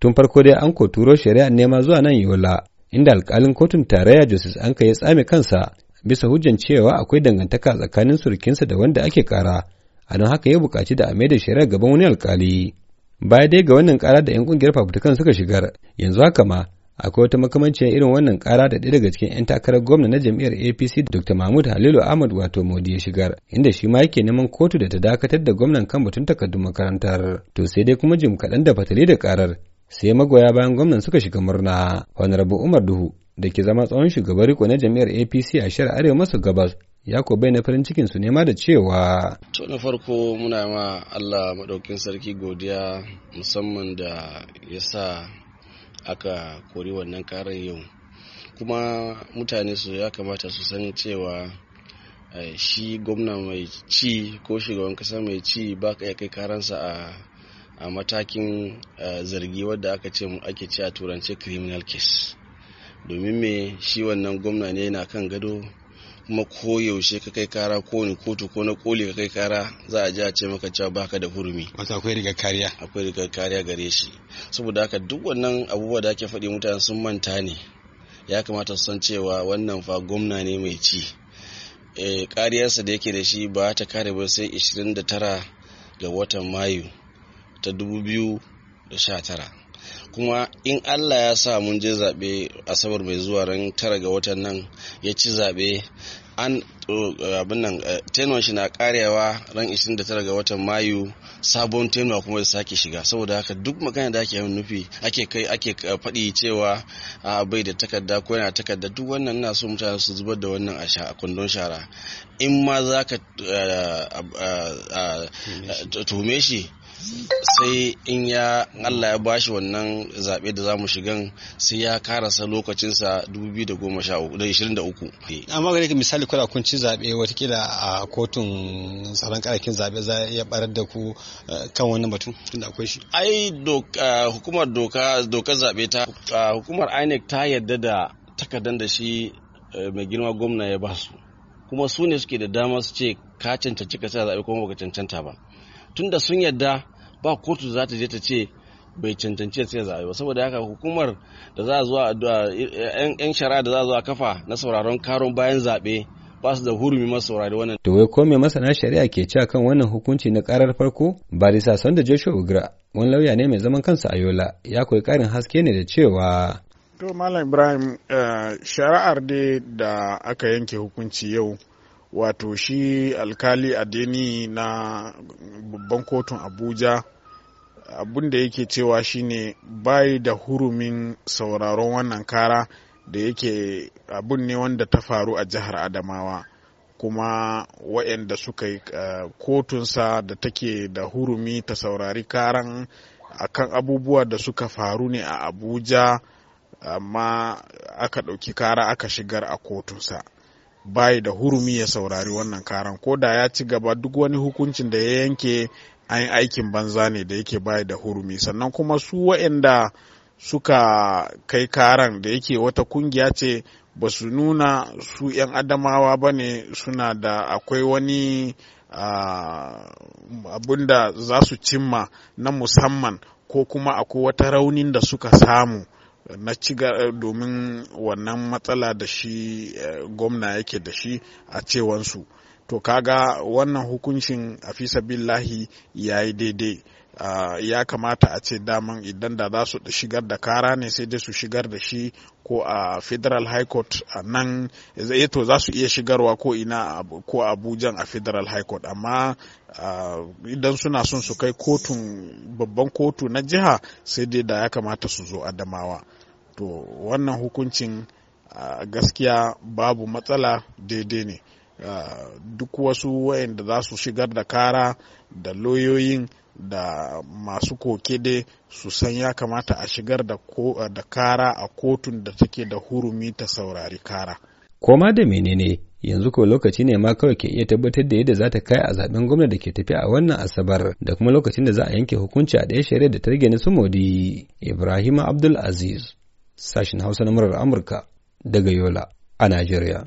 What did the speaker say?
tun farko dai an ko turo shari'ar nema zuwa nan yola inda alkalin kotun tarayya justice anka ya tsame kansa bisa hujjan cewa akwai dangantaka tsakanin surukinsa da wanda ake kara a don haka ya buƙaci da a maida shari'ar gaban wani alkali baya dai ga wannan kara da 'yan kungiyar fafutukan suka shigar yanzu haka ma akwai wata makamanci irin wannan kara da ɗaya daga cikin 'yan takarar gwamna na jam'iyyar apc dr mahmud halilu ahmad wato modi ya shigar inda shi ma yake neman kotu da ta dakatar da gwamnan kan batun takardun makarantar to sai dai kuma jim kaɗan da fatali da karar sai magoya bayan gwamnan suka shiga murna honorable umar duhu da ke zama tsawon shugaban riko na jami'ar apc a shirar arewa maso gabas ya ko na farin cikin su nema da cewa to na farko muna ma allah maɗaukin sarki godiya musamman da ya sa aka kori wannan karar yau kuma mutane su ya kamata su san cewa eh, shi gwamna mai ci ko shugaban kasa mai ci ba ka iya kai karansa a a matakin eh, zargi wadda aka ce mu ake ce a turance criminal case domin me shi wannan gwamna ne yana kan gado kuma koyaushe ka kai kara ko ni kotu ko na koli ka kai kara za a ji a ce maka cewa baka da hurumi wata akwai rigar kariya akwai rigar kariya gare shi saboda haka duk wannan abubuwa da ake faɗi mutane sun manta ne ya kamata su san cewa wannan fa gwamna ne mai ci eh, kariyarsa da yake da shi ba ta kare ba sai 29 ga watan mayu ta 2019 kuma in allah ya sa mun je zaɓe asabar mai zuwa ran tara ga watan nan ya ci zaɓe an abinnan eh, shi na karewa ran 29 ga watan mayu sabon tenuwa kuma da sake shiga saboda haka duk magana da ake yin nufi ake kai ake eh, faɗi cewa a bai da takarda ko yana takarda duk wannan na so mutane su zubar da wannan a kundin shara in ma za ka eh, tume shi sai in ya Allah ya bashi wannan zaɓe da zamu shigan sai ya karasa lokacinsa 2023 amma gare misali kuna kun ci zaɓe watakila a kotun tsaron karakin zaɓe za ya barar da ku eh, kan wannan batu da akwai shi ai hukumar doka dokar zaɓe ta hukumar INEC ta yadda da takardar da shi eh, mai girma gwamna ya ba su kuma su ne suke da dama su ce ka cancanci ka sa zaɓe kuma baka cancanta ba tunda sun yadda ba kotu za ta je ta ce bai cancanci sai zaɓe ba saboda haka hukumar da za zuwa yan shari'a da za zuwa kafa na sauraron karon bayan zaɓe ba su da hurumi masu saurari wannan. To wai ko me masana shari'a ke ci kan wannan hukunci na karar farko? Barisa Sanda Joshua Ugra wani lauya ne mai zaman kansa a Yola ya koyi karin haske ne da cewa. To Malam Ibrahim eh, shari'ar da aka yanke hukunci yau wato shi alkali adeni na babban kotun abuja abin da yake cewa shine bayi da hurumin sauraron wannan kara da yake abun ne wanda ta faru a jihar adamawa kuma waɗanda suka yi eh, kotunsa da take da hurumi ta saurari karan akan abubuwa da suka faru ne a abuja amma aka ɗauki kara aka shigar a kotunsa bai da hurumi ya saurari wannan karan ko da ya ci gaba duk wani hukuncin da ya yanke an aikin banza ne da yake bai da hurumi sannan kuma su waɗanda suka kai karan da yake wata kungiya ce ba su nuna su 'yan adamawa ba ne suna da akwai wani abun da za su cimma na musamman ko kuma akwai wata raunin da suka samu na ci eh, domin wannan matsala da shi eh, gwamna yake da shi a cewansu. to kaga wannan hukuncin a billahi ya yi daidai Uh, ya kamata a ce daman idan da za su shigar da kara ne sai dai su shigar da shi ko a federal high court a uh, nan eh, to za su iya shigarwa ko ina ko abujan a federal high court amma idan suna son su kai kotun babban kotu na jiha sai dai da ya kamata su zo adamawa to wannan hukuncin gaskiya babu matsala daidai ne Uh, duk wasu wayanda za su shigar da kara da loyoyin da masu koke dai su san ya kamata a shigar uh, da, kara a kotun da take da hurumi ta saurari kara. Koma da menene yanzu ko lokaci ne ma kawai ke iya tabbatar da yadda za ta kai a zaben gwamna da ke tafiya a wannan asabar da kuma lokacin da za a yanke hukunci a ɗaya shari'a da ta rage na su modi Ibrahim Abdul Aziz sashin Hausa na murar Amurka daga Yola a Najeriya.